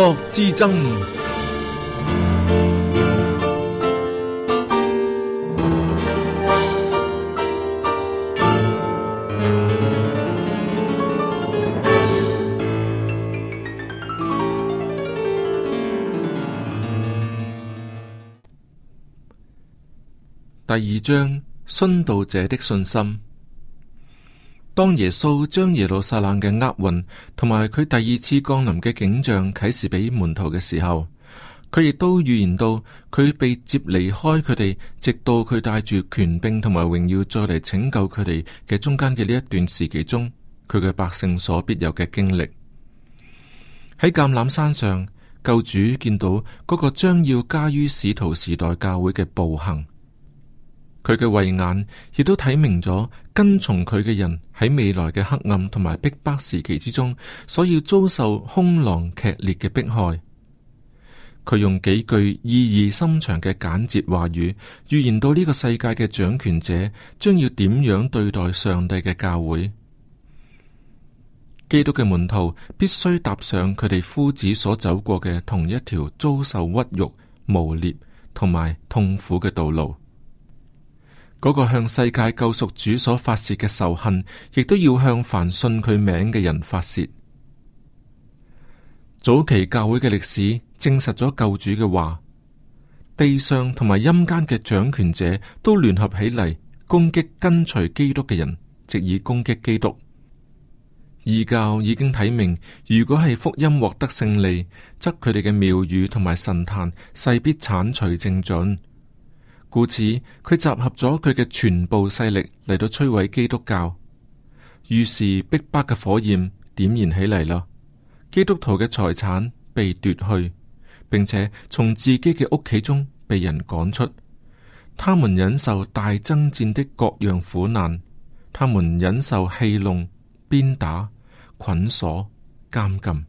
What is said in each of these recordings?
第二章，殉道者的信心。當耶穌將耶路撒冷嘅厄運同埋佢第二次降臨嘅景象啟示俾門徒嘅時候，佢亦都預言到佢被接離開佢哋，直到佢帶住權柄同埋榮耀再嚟拯救佢哋嘅中間嘅呢一段時期中，佢嘅百姓所必有嘅經歷。喺橄欖山上，救主見到嗰個將要加於使徒時代教會嘅暴行。佢嘅慧眼亦都睇明咗，跟從佢嘅人喺未來嘅黑暗同埋逼迫時期之中，所要遭受凶狼劇烈嘅迫害。佢用幾句意義深長嘅簡潔話語，預言到呢個世界嘅掌權者將要點樣對待上帝嘅教會。基督嘅門徒必須踏上佢哋夫子所走過嘅同一條遭受屈辱、誣衊同埋痛苦嘅道路。嗰個向世界救贖主所發洩嘅仇恨，亦都要向凡信佢名嘅人發洩。早期教會嘅歷史證實咗救主嘅話，地上同埋陰間嘅掌權者都聯合起嚟攻擊跟隨基督嘅人，藉以攻擊基督。異教已經睇明，如果係福音獲得勝利，則佢哋嘅廟宇同埋神壇勢必鏟除淨盡。故此，佢集合咗佢嘅全部勢力嚟到摧毀基督教。於是，逼迫嘅火焰點燃起嚟啦。基督徒嘅財產被奪去，並且從自己嘅屋企中被人趕出。他們忍受大爭戰的各樣苦難，他們忍受戲弄、鞭打、捆鎖、監禁。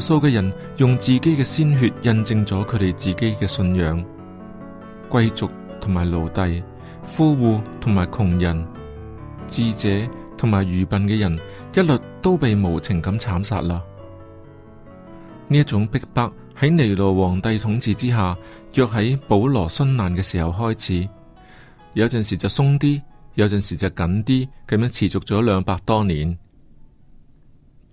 數嘅人用自己嘅鮮血印證咗佢哋自己嘅信仰，貴族同埋奴隸、富戶同埋窮人、智者同埋愚笨嘅人，一律都被無情咁慘殺啦。呢一種逼迫喺尼羅皇帝統治之下，約喺保羅殉難嘅時候開始，有陣時就鬆啲，有陣時就緊啲，咁樣持續咗兩百多年。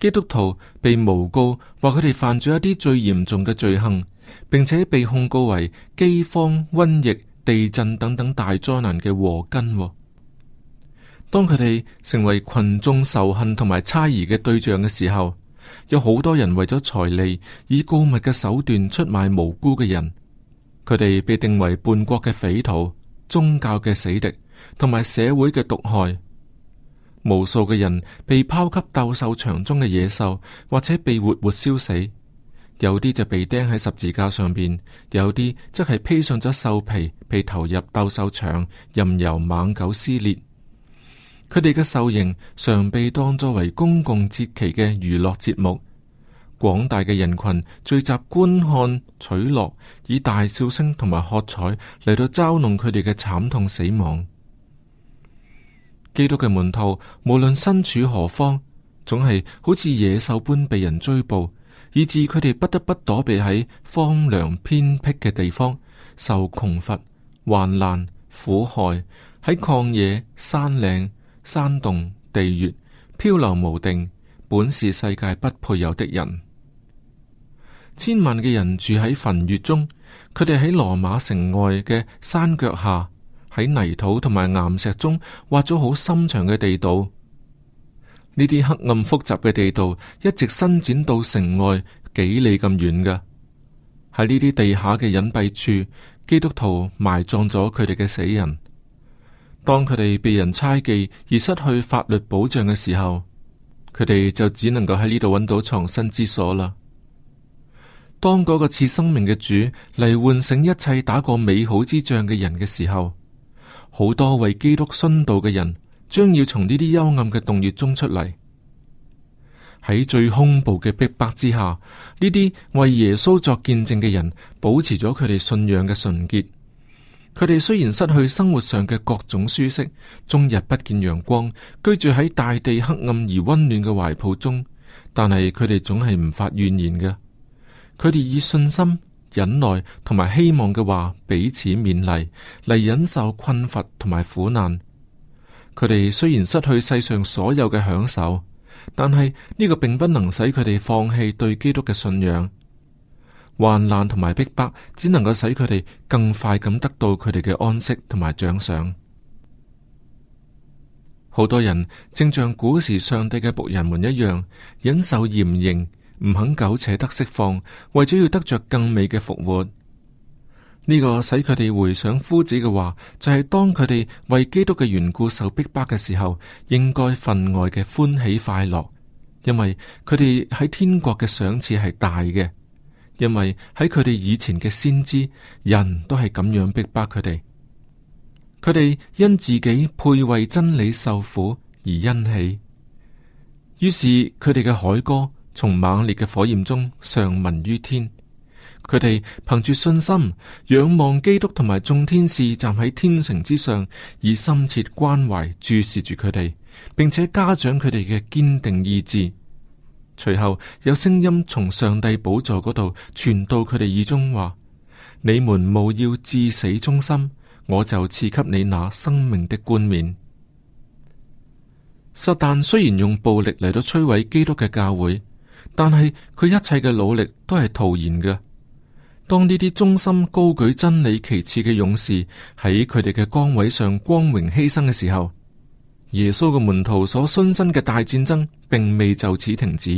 基督徒被誣告，話佢哋犯咗一啲最嚴重嘅罪行，並且被控告為飢荒、瘟疫、地震等等大災難嘅禍根。當佢哋成為群眾仇恨同埋猜疑嘅對象嘅時候，有好多人為咗財利，以告密嘅手段出賣無辜嘅人。佢哋被定為叛國嘅匪徒、宗教嘅死敵同埋社會嘅毒害。無數嘅人被拋給鬥獸場中嘅野獸，或者被活活燒死；有啲就被釘喺十字架上邊，有啲則係披上咗獸皮，被投入鬥獸場，任由猛狗撕裂。佢哋嘅獸刑常被當作為公共節期嘅娛樂節目，廣大嘅人群聚集觀看取樂，以大笑聲同埋喝彩嚟到嘲弄佢哋嘅慘痛死亡。基督嘅門徒無論身處何方，總係好似野獸般被人追捕，以至佢哋不得不躲避喺荒涼偏僻嘅地方，受窮乏、患難、苦害，喺曠野、山嶺、山洞、地穴漂流無定。本是世界不配有的人，千萬嘅人住喺墳穴中，佢哋喺羅馬城外嘅山腳下，喺泥土同埋岩石中挖咗好深長嘅地道，呢啲黑暗複雜嘅地道一直伸展到城外幾里咁遠嘅。喺呢啲地下嘅隱蔽處，基督徒埋葬咗佢哋嘅死人。當佢哋被人猜忌而失去法律保障嘅時候，佢哋就只能夠喺呢度揾到藏身之所啦。當嗰個賜生命嘅主嚟喚醒一切打過美好之仗嘅人嘅時候，好多為基督殉道嘅人，將要從呢啲幽暗嘅洞穴中出嚟。喺最恐怖嘅逼迫之下，呢啲為耶穌作見證嘅人，保持咗佢哋信仰嘅純潔。佢哋雖然失去生活上嘅各種舒適，終日不見陽光，居住喺大地黑暗而溫暖嘅懷抱中，但係佢哋總係唔發怨言嘅。佢哋以信心，忍耐同埋希望嘅話，彼此勉勵嚟忍受困乏同埋苦難。佢哋雖然失去世上所有嘅享受，但係呢個並不能使佢哋放棄對基督嘅信仰。患難同埋逼迫，只能夠使佢哋更快咁得到佢哋嘅安息同埋獎賞。好多人正像古時上帝嘅僕人們一樣，忍受嚴刑。唔肯苟且得釋放，為咗要得着更美嘅復活。呢、這個使佢哋回想夫子嘅話，就係、是、當佢哋為基督嘅緣故受逼迫嘅時候，應該分外嘅歡喜快樂，因為佢哋喺天國嘅賞賜係大嘅。因為喺佢哋以前嘅先知，人都係咁樣逼迫佢哋，佢哋因自己配為真理受苦而欣喜。於是佢哋嘅海哥。從猛烈嘅火焰中上聞於天，佢哋憑住信心仰望基督同埋眾天使站喺天城之上，以深切關懷注視住佢哋，並且加長佢哋嘅堅定意志。隨後有聲音從上帝寶座嗰度傳到佢哋耳中，話：你們務要至死忠心，我就賜給你那生命的冠冕。撒旦雖然用暴力嚟到摧毀基督嘅教會。但係佢一切嘅努力都係徒然嘅。當呢啲忠心高舉真理旗幟嘅勇士喺佢哋嘅崗位上光榮犧牲嘅時候，耶穌嘅門徒所殉身嘅大戰爭並未就此停止。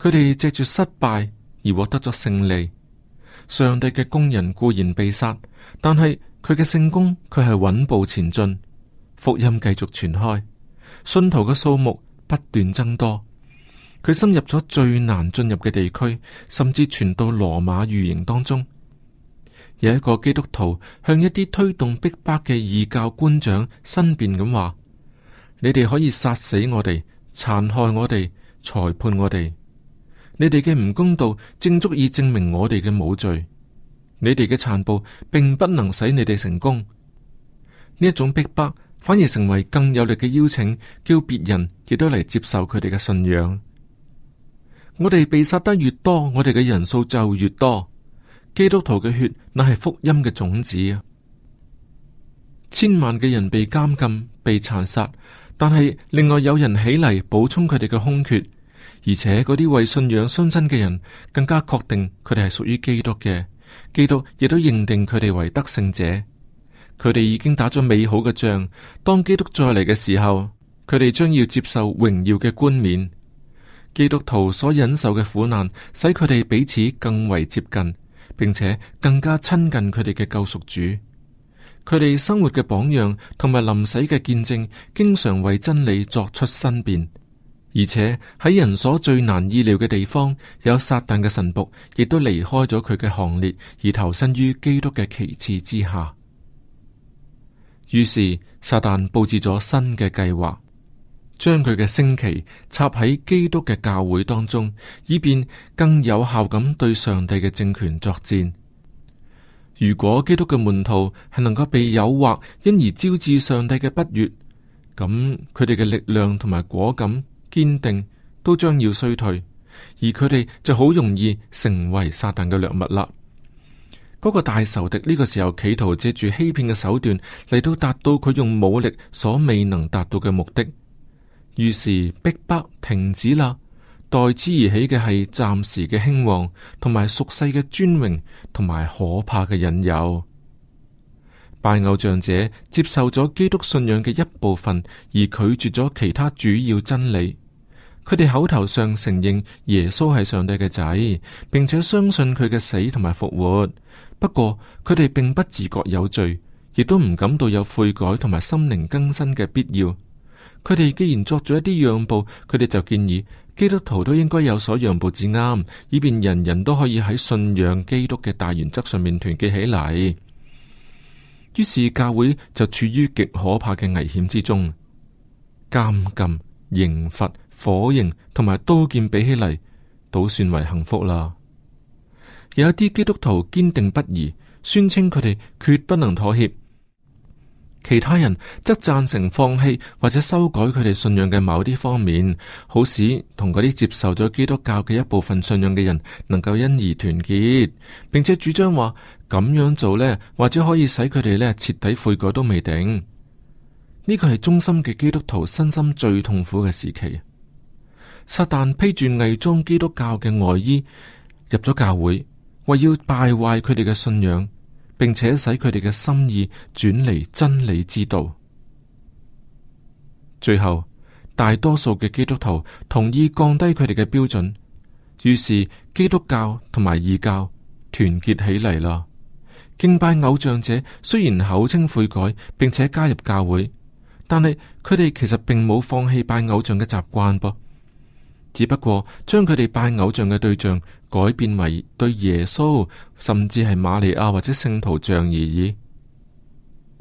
佢哋藉住失敗而獲得咗勝利。上帝嘅工人固然被殺，但係佢嘅聖功卻係穩步前進，福音繼續傳開，信徒嘅數目不斷增多。佢深入咗最難進入嘅地區，甚至傳到羅馬御營當中。有一個基督徒向一啲推動逼迫嘅異教官長申辯咁話：你哋可以殺死我哋，殘害我哋，裁判我哋，你哋嘅唔公道正足以證明我哋嘅冇罪。你哋嘅殘暴並不能使你哋成功，呢一種逼迫反而成為更有力嘅邀請，叫別人亦都嚟接受佢哋嘅信仰。我哋被殺得越多，我哋嘅人數就越多。基督徒嘅血，乃係福音嘅種子。千萬嘅人被監禁、被殘殺，但係另外有人起嚟補充佢哋嘅空缺，而且嗰啲為信仰殉真嘅人更加確定佢哋係屬於基督嘅。基督亦都認定佢哋為得勝者。佢哋已經打咗美好嘅仗。當基督再嚟嘅時候，佢哋將要接受榮耀嘅冠冕。基督徒所忍受嘅苦難，使佢哋彼此更為接近，並且更加親近佢哋嘅救贖主。佢哋生活嘅榜樣同埋臨死嘅見證，經常為真理作出申辯。而且喺人所最難意料嘅地方，有撒旦嘅神僕亦都離開咗佢嘅行列，而投身於基督嘅旗幟之下。於是，撒旦布置咗新嘅計劃。將佢嘅升旗插喺基督嘅教會當中，以便更有效咁對上帝嘅政權作戰。如果基督嘅門徒係能夠被誘惑，因而招致上帝嘅不悅，咁佢哋嘅力量同埋果敢堅定都將要衰退，而佢哋就好容易成為撒旦嘅掠物啦。嗰、那個大仇敵呢個時候企圖借住欺騙嘅手段嚟到達到佢用武力所未能達到嘅目的。於是，逼迫停止啦。代之而起嘅係暫時嘅興旺，同埋俗世嘅尊榮，同埋可怕嘅引誘。拜偶像者接受咗基督信仰嘅一部分，而拒絕咗其他主要真理。佢哋口頭上承認耶穌係上帝嘅仔，並且相信佢嘅死同埋復活。不過，佢哋並不自覺有罪，亦都唔感到有悔改同埋心靈更新嘅必要。佢哋既然作咗一啲讓步，佢哋就建議基督徒都應該有所讓步至啱，以便人人都可以喺信仰基督嘅大原則上面團結起嚟。於是教會就處於極可怕嘅危險之中，監禁、刑罰、火刑同埋刀劍比起嚟，倒算為幸福啦。有一啲基督徒堅定不移，宣稱佢哋決不能妥協。其他人則贊成放棄或者修改佢哋信仰嘅某啲方面，好使同嗰啲接受咗基督教嘅一部分信仰嘅人能夠因而團結，並且主張話咁樣做呢，或者可以使佢哋呢徹底悔改都未定。呢個係忠心嘅基督徒身心最痛苦嘅時期。撒旦披住偽裝基督教嘅外衣入咗教會，為要敗壞佢哋嘅信仰。並且使佢哋嘅心意轉離真理之道。最後，大多數嘅基督徒同意降低佢哋嘅標準，於是基督教同埋異教團結起嚟啦。敬拜偶像者雖然口稱悔改，並且加入教會，但係佢哋其實並冇放棄拜偶像嘅習慣噃。只不過將佢哋拜偶像嘅對象。改變為對耶穌，甚至係馬利亞或者聖徒像而已。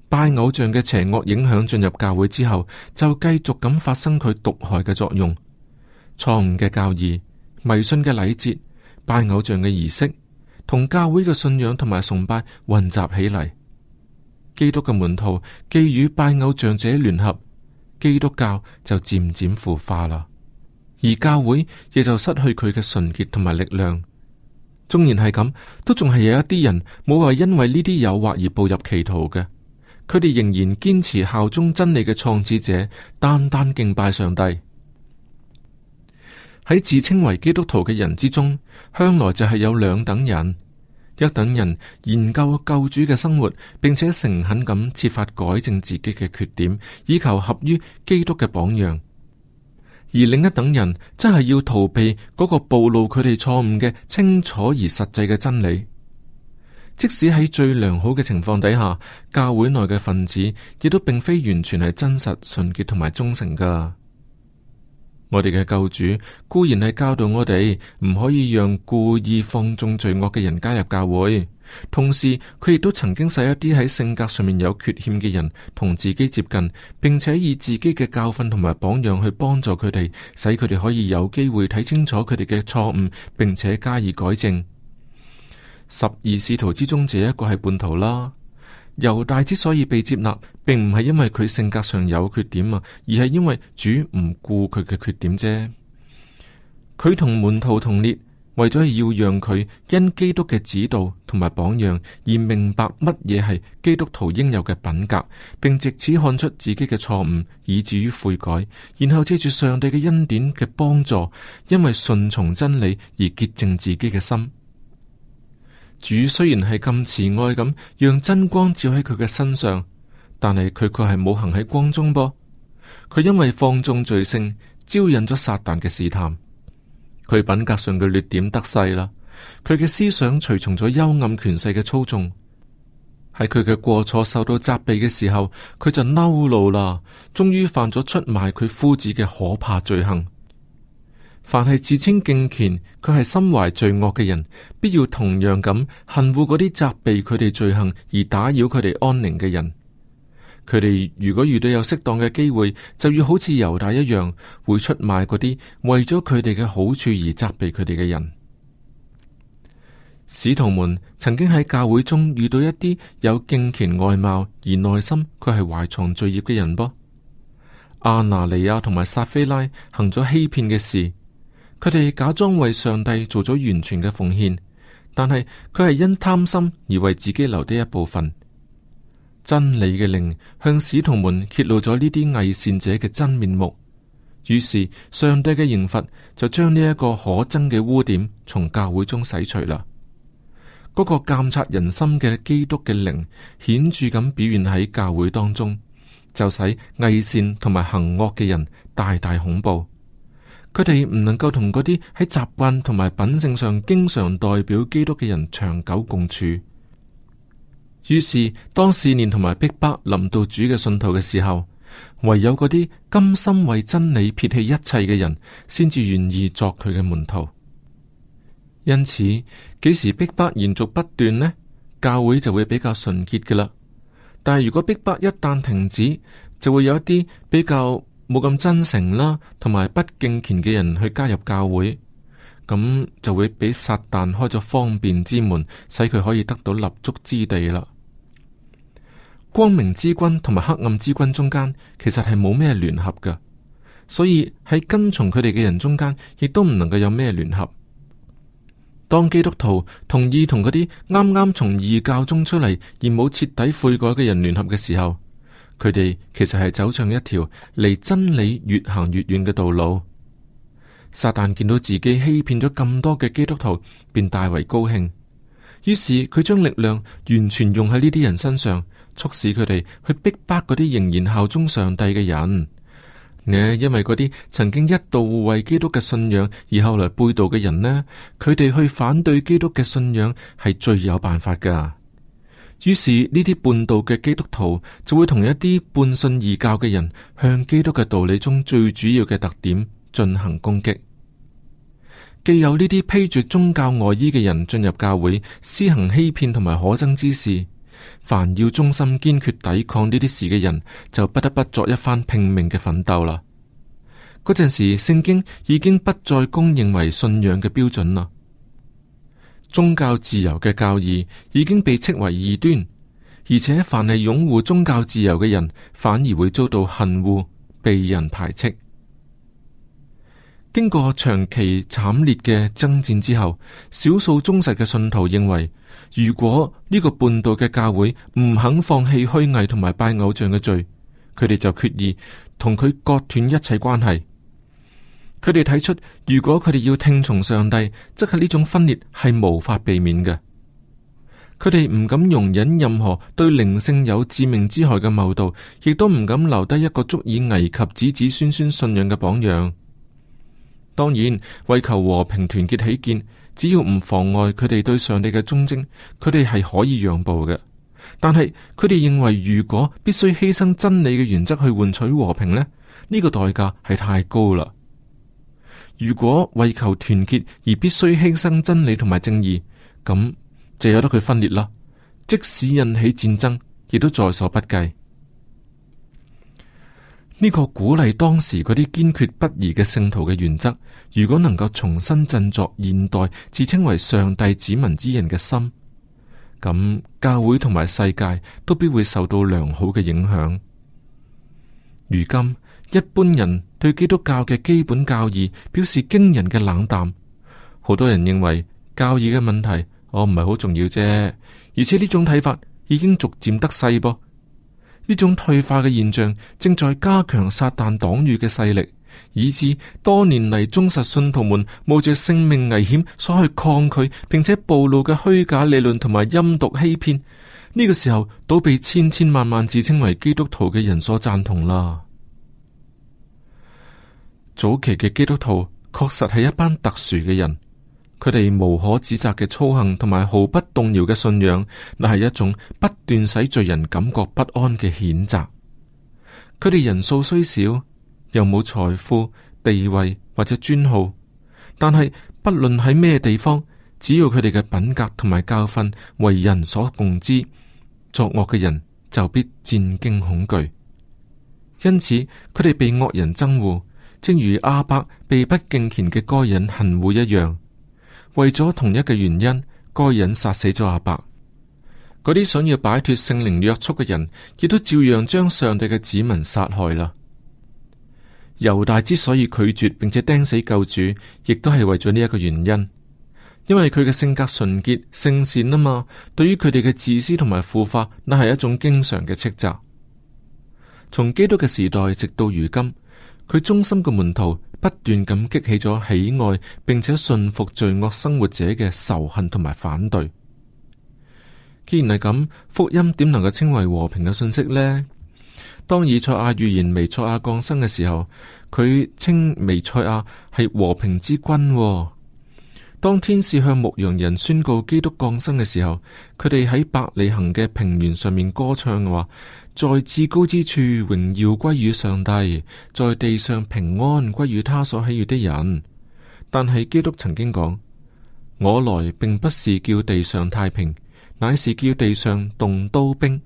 拜偶像嘅邪惡影響進入教會之後，就繼續咁發生佢毒害嘅作用。錯誤嘅教義、迷信嘅禮節、拜偶像嘅儀式，同教會嘅信仰同埋崇拜混雜起嚟。基督嘅門徒既與拜偶像者聯合，基督教就漸漸腐化啦。而教會亦就失去佢嘅純潔同埋力量。縱然係咁，都仲係有一啲人冇話因為呢啲誘惑而步入歧途嘅，佢哋仍然堅持效忠真理嘅創始者，單單敬拜上帝。喺自稱為基督徒嘅人之中，向來就係有兩等人：一等人研究救主嘅生活，並且誠懇咁設法改正自己嘅缺點，以求合於基督嘅榜樣。而另一等人真係要逃避嗰個暴露佢哋錯誤嘅清楚而實際嘅真理，即使喺最良好嘅情況底下，教會內嘅分子亦都並非完全係真實、純潔同埋忠誠噶我哋嘅救主固然係教導我哋唔可以讓故意放縱罪惡嘅人加入教會，同時佢亦都曾經使一啲喺性格上面有缺陷嘅人同自己接近，並且以自己嘅教訓同埋榜樣去幫助佢哋，使佢哋可以有機會睇清楚佢哋嘅錯誤，並且加以改正。十二使徒之中，這一個係叛徒啦。猶大之所以被接納，並唔係因為佢性格上有缺點啊，而係因為主唔顧佢嘅缺點啫。佢同門徒同列，為咗要讓佢因基督嘅指導同埋榜樣而明白乜嘢係基督徒應有嘅品格，並借此看出自己嘅錯誤，以至於悔改，然後借住上帝嘅恩典嘅幫助，因為順從真理而潔淨自己嘅心。主雖然係咁慈愛咁，讓真光照喺佢嘅身上，但係佢卻係冇行喺光中噃。佢因為放縱罪性，招引咗撒旦嘅試探。佢品格上嘅劣點得勢啦，佢嘅思想隨從咗幽暗權勢嘅操縱。喺佢嘅過錯受到責備嘅時候，佢就嬲怒啦。終於犯咗出賣佢夫子嘅可怕罪行。凡係自稱敬虔，佢係心懷罪惡嘅人，必要同樣咁恨惡嗰啲責備佢哋罪行而打擾佢哋安寧嘅人。佢哋如果遇到有適當嘅機會，就要好似猶大一樣，會出賣嗰啲為咗佢哋嘅好處而責備佢哋嘅人。使徒們曾經喺教會中遇到一啲有敬虔外貌而內心佢係懷藏罪孽嘅人，噃。阿拿尼亞同埋撒菲拉行咗欺騙嘅事。佢哋假裝為上帝做咗完全嘅奉獻，但係佢係因貪心而為自己留低一部分。真理嘅靈向使徒們揭露咗呢啲偽善者嘅真面目，於是上帝嘅刑罰就將呢一個可憎嘅污點從教會中洗除啦。嗰個監察人心嘅基督嘅靈顯著咁表現喺教會當中，就使偽善同埋行惡嘅人大大恐怖。佢哋唔能夠同嗰啲喺習慣同埋品性上經常代表基督嘅人長久共處，於是當試煉同埋逼迫臨到主嘅信徒嘅時候，唯有嗰啲甘心為真理撇棄一切嘅人，先至願意作佢嘅門徒。因此，幾時逼迫延續不斷呢？教會就會比較純潔㗎喇。但係如果逼迫一旦停止，就會有一啲比較。冇咁真誠啦，同埋不敬虔嘅人去加入教會，咁就會俾撒旦開咗方便之門，使佢可以得到立足之地啦。光明之君同埋黑暗之君中間，其實係冇咩聯合噶，所以喺跟從佢哋嘅人中間，亦都唔能夠有咩聯合。當基督徒同意同嗰啲啱啱從異教中出嚟而冇徹底悔改嘅人聯合嘅時候，佢哋其實係走上一條離真理越行越遠嘅道路。撒旦見到自己欺騙咗咁多嘅基督徒，便大為高興。於是佢將力量完全用喺呢啲人身上，促使佢哋去逼迫嗰啲仍然效忠上帝嘅人。誒，因為嗰啲曾經一度為基督嘅信仰而後來背道嘅人呢，佢哋去反對基督嘅信仰係最有辦法㗎。於是呢啲叛道嘅基督徒就會同一啲半信異教嘅人向基督嘅道理中最主要嘅特點進行攻擊。既有呢啲披住宗教外衣嘅人進入教會施行欺騙同埋可憎之事，凡要忠心堅決抵抗呢啲事嘅人就不得不作一番拼命嘅奮鬥啦。嗰陣時，聖經已經不再公認為信仰嘅標準啦。宗教自由嘅教義已經被斥為異端，而且凡係擁護宗教自由嘅人，反而會遭到恨惡、被人排斥。經過長期慘烈嘅爭戰之後，少數忠實嘅信徒認為，如果呢個叛道嘅教會唔肯放棄虛偽同埋拜偶像嘅罪，佢哋就決意同佢割斷一切關係。佢哋睇出，如果佢哋要聽從上帝，則係呢種分裂係無法避免嘅。佢哋唔敢容忍任何對靈性有致命之害嘅謬道，亦都唔敢留低一個足以危及子子孫孫信仰嘅榜樣。當然，為求和平團結起見，只要唔妨礙佢哋對上帝嘅忠貞，佢哋係可以讓步嘅。但係佢哋認為，如果必須犧牲真理嘅原則去換取和平呢，呢個代價係太高啦。如果為求團結而必須犧牲真理同埋正義，咁就由得佢分裂啦。即使引起戰爭，亦都在所不計。呢個鼓勵當時嗰啲堅決不移嘅聖徒嘅原則，如果能夠重新振作現代自稱為上帝子民之人嘅心，咁教會同埋世界都必會受到良好嘅影響。如今一般人。對基督教嘅基本教義表示驚人嘅冷淡，好多人認為教義嘅問題我唔係好重要啫。而且呢種睇法已經逐漸得勢噃，呢種退化嘅現象正在加強撒旦黨羽嘅勢力，以致多年嚟忠實信徒們冒着性命危險所去抗拒並且暴露嘅虛假理論同埋陰毒欺騙，呢個時候都被千千萬萬自稱為基督徒嘅人所贊同啦。早期嘅基督徒確實係一班特殊嘅人，佢哋無可指責嘅操行，同埋毫不動搖嘅信仰，乃係一種不斷使罪人感覺不安嘅譴責。佢哋人數雖少，又冇財富、地位或者尊號，但係不論喺咩地方，只要佢哋嘅品格同埋教訓為人所共知，作惡嘅人就必戰驚恐懼。因此，佢哋被惡人憎惡。正如阿伯被不敬虔嘅該隱恨惡一樣，為咗同一嘅原因，該隱殺死咗阿伯。嗰啲想要擺脫聖靈約束嘅人，亦都照樣將上帝嘅子民殺害啦。猶大之所以拒絕並且釘死救主，亦都係為咗呢一個原因，因為佢嘅性格純潔、聖善啊嘛。對於佢哋嘅自私同埋腐化，那係一種經常嘅斥責，從基督嘅時代直到如今，佢忠心嘅門徒不斷咁激起咗喜愛並且信服罪惡生活者嘅仇恨同埋反對。既然係咁，福音點能夠稱為和平嘅信息呢？當以賽亞預言彌賽亞降生嘅時候，佢稱彌賽亞係和平之君，哦。當天使向牧羊人宣告基督降生嘅時候，佢哋喺伯利恆嘅平原上面歌唱嘅話：在至高之處榮耀歸於上帝，在地上平安歸於他所喜悦的人。但係基督曾經講：我來並不是叫地上太平，乃是叫地上動刀兵。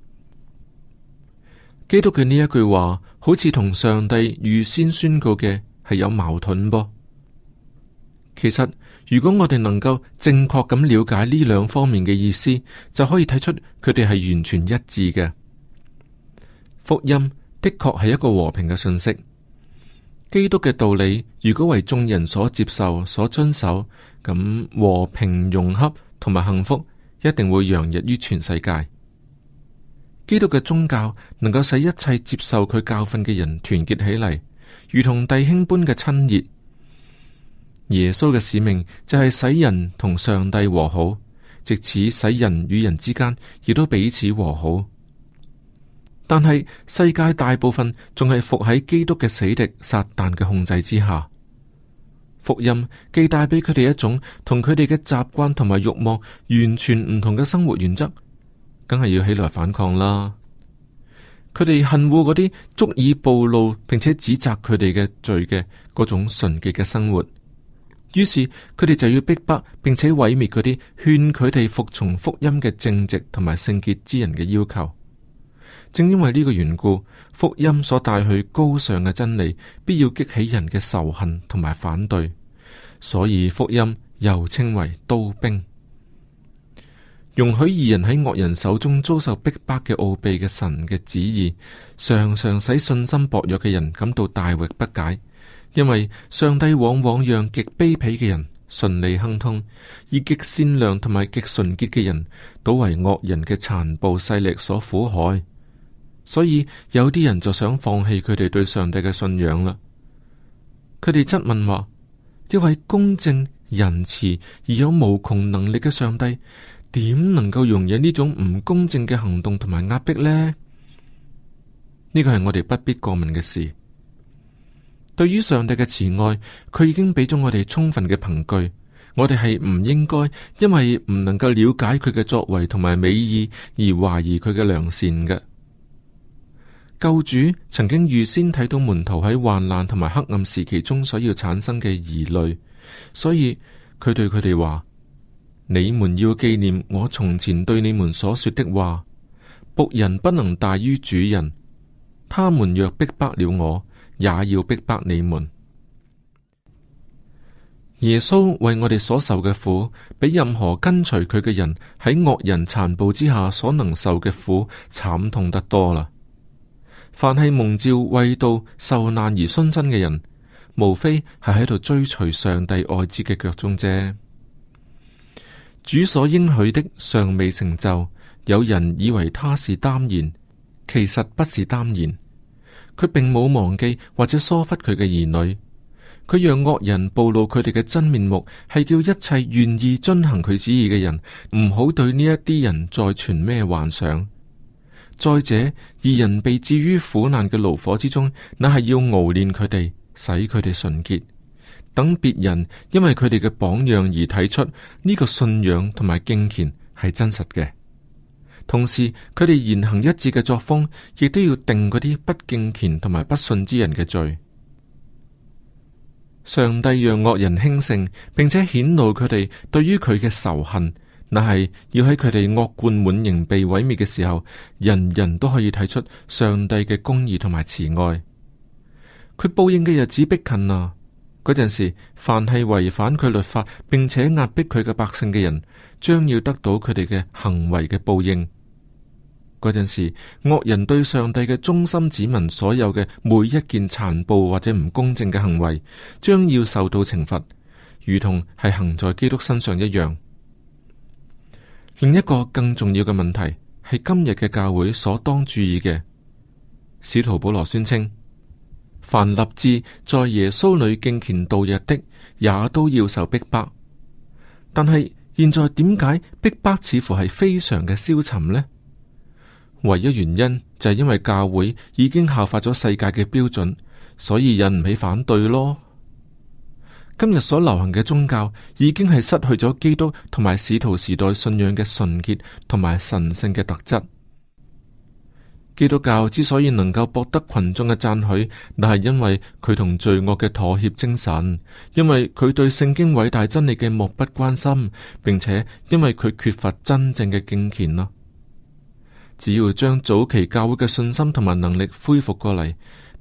基督嘅呢一句話，好似同上帝預先宣告嘅係有矛盾噃。其實。如果我哋能夠正確咁了解呢兩方面嘅意思，就可以睇出佢哋係完全一致嘅。福音的確係一個和平嘅信息。基督嘅道理，如果為眾人所接受、所遵守，咁和平、融洽同埋幸福一定會洋溢於全世界。基督嘅宗教能夠使一切接受佢教訓嘅人團結起嚟，如同弟兄般嘅親熱。耶穌嘅使命就係使人同上帝和好，藉此使人與人之間亦都彼此和好。但係世界大部分仲係伏喺基督嘅死敵撒旦嘅控制之下。福音既帶俾佢哋一種同佢哋嘅習慣同埋欲望完全唔同嘅生活原則，梗係要起來反抗啦。佢哋恨惡嗰啲足以暴露並且指責佢哋嘅罪嘅嗰種純潔嘅生活。於是佢哋就要逼迫，並且毀滅嗰啲勸佢哋服從福音嘅正直同埋聖潔之人嘅要求。正因為呢個緣故，福音所帶去高尚嘅真理，必要激起人嘅仇恨同埋反對。所以福音又稱為刀兵，容許二人喺惡人手中遭受逼迫嘅奧秘嘅神嘅旨意，常常使信心薄弱嘅人感到大惑不解。因為上帝往往讓極卑鄙嘅人順利亨通，以極善良同埋極純潔嘅人，倒為惡人嘅殘暴勢力所苦害。所以有啲人就想放棄佢哋對上帝嘅信仰啦。佢哋質問話：一位公正仁慈而有無窮能力嘅上帝，點能夠容忍呢種唔公正嘅行動同埋壓迫呢？呢個係我哋不必過問嘅事。對於上帝嘅慈愛，佢已經俾咗我哋充分嘅憑據，我哋係唔應該因為唔能夠了解佢嘅作為同埋美意而懷疑佢嘅良善嘅。救主曾經預先睇到門徒喺患難同埋黑暗時期中所要產生嘅疑慮，所以佢對佢哋話：你們要紀念我從前對你們所說的話，僕人不能大於主人，他們若逼迫了我。也要逼迫你們。耶穌為我哋所受嘅苦，比任何跟隨佢嘅人喺惡人殘暴之下所能受嘅苦，慘痛得多啦。凡係蒙召為道受難而殉身嘅人，無非係喺度追隨上帝愛子嘅腳蹤啫。主所應許的尚未成就，有人以為他是耽延，其實不是耽延。佢並冇忘記或者疏忽佢嘅兒女，佢讓惡人暴露佢哋嘅真面目，係叫一切願意遵行佢旨意嘅人唔好對呢一啲人再存咩幻想。再者，二人被置於苦難嘅爐火之中，那係要熬煉佢哋，使佢哋純潔，等別人因為佢哋嘅榜樣而睇出呢個信仰同埋敬虔係真實嘅。同時，佢哋言行一致嘅作風，亦都要定嗰啲不敬虔同埋不信之人嘅罪。上帝讓惡人興盛，並且顯露佢哋對於佢嘅仇恨，乃係要喺佢哋惡貫滿盈被毀滅嘅時候，人人都可以睇出上帝嘅公義同埋慈愛。佢報應嘅日子逼近啦。嗰陣時，凡係違反佢律法並且壓迫佢嘅百姓嘅人，將要得到佢哋嘅行為嘅報應。嗰陣時，惡人對上帝嘅忠心子民所有嘅每一件殘暴或者唔公正嘅行為，將要受到懲罰，如同係行在基督身上一樣。另一個更重要嘅問題係今日嘅教會所當注意嘅。使徒保羅宣稱。凡立志在耶穌裏敬虔度日的，也都要受逼迫。但係現在點解逼迫似乎係非常嘅消沉呢？唯一原因就係因為教會已經效法咗世界嘅標準，所以引唔起反對咯。今日所流行嘅宗教已經係失去咗基督同埋使徒時代信仰嘅純潔同埋神聖嘅特質。基督教之所以能夠博得群眾嘅讚許，那係因為佢同罪惡嘅妥協精神，因為佢對聖經偉大真理嘅漠不關心，並且因為佢缺乏真正嘅敬虔啦。只要將早期教會嘅信心同埋能力恢復過嚟，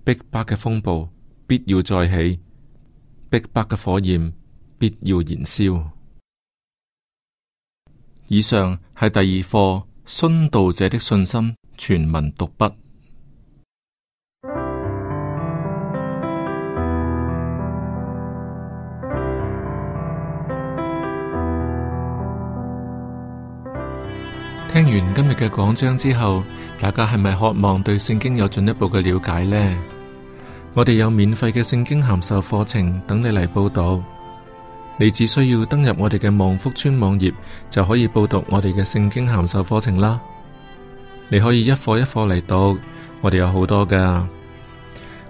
逼迫嘅風暴必要再起，逼迫嘅火焰必要燃燒。以上係第二課，殉道者的信心。全文讀畢。聽完今日嘅講章之後，大家係咪渴望對聖經有進一步嘅了解呢？我哋有免費嘅聖經函授課程等你嚟報讀。你只需要登入我哋嘅望福村網頁，就可以報讀我哋嘅聖經函授課程啦。你可以一課一課嚟讀，我哋有好多噶。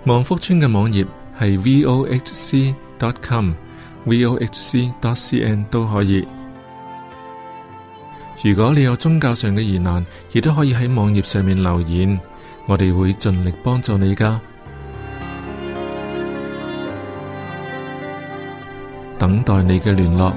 望福村嘅網頁係 vohc.com、vohc.cn 都可以。如果你有宗教上嘅疑難，亦都可以喺網頁上面留言，我哋會盡力幫助你噶。等待你嘅聯絡。